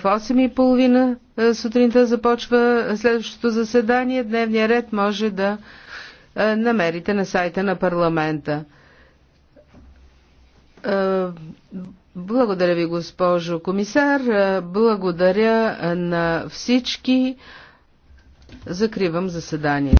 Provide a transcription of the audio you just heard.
В 8.30 е, сутринта започва следващото заседание. Дневния ред може да е, намерите на сайта на парламента. Е, благодаря ви, госпожо комисар. Благодаря на всички. Закривам заседание.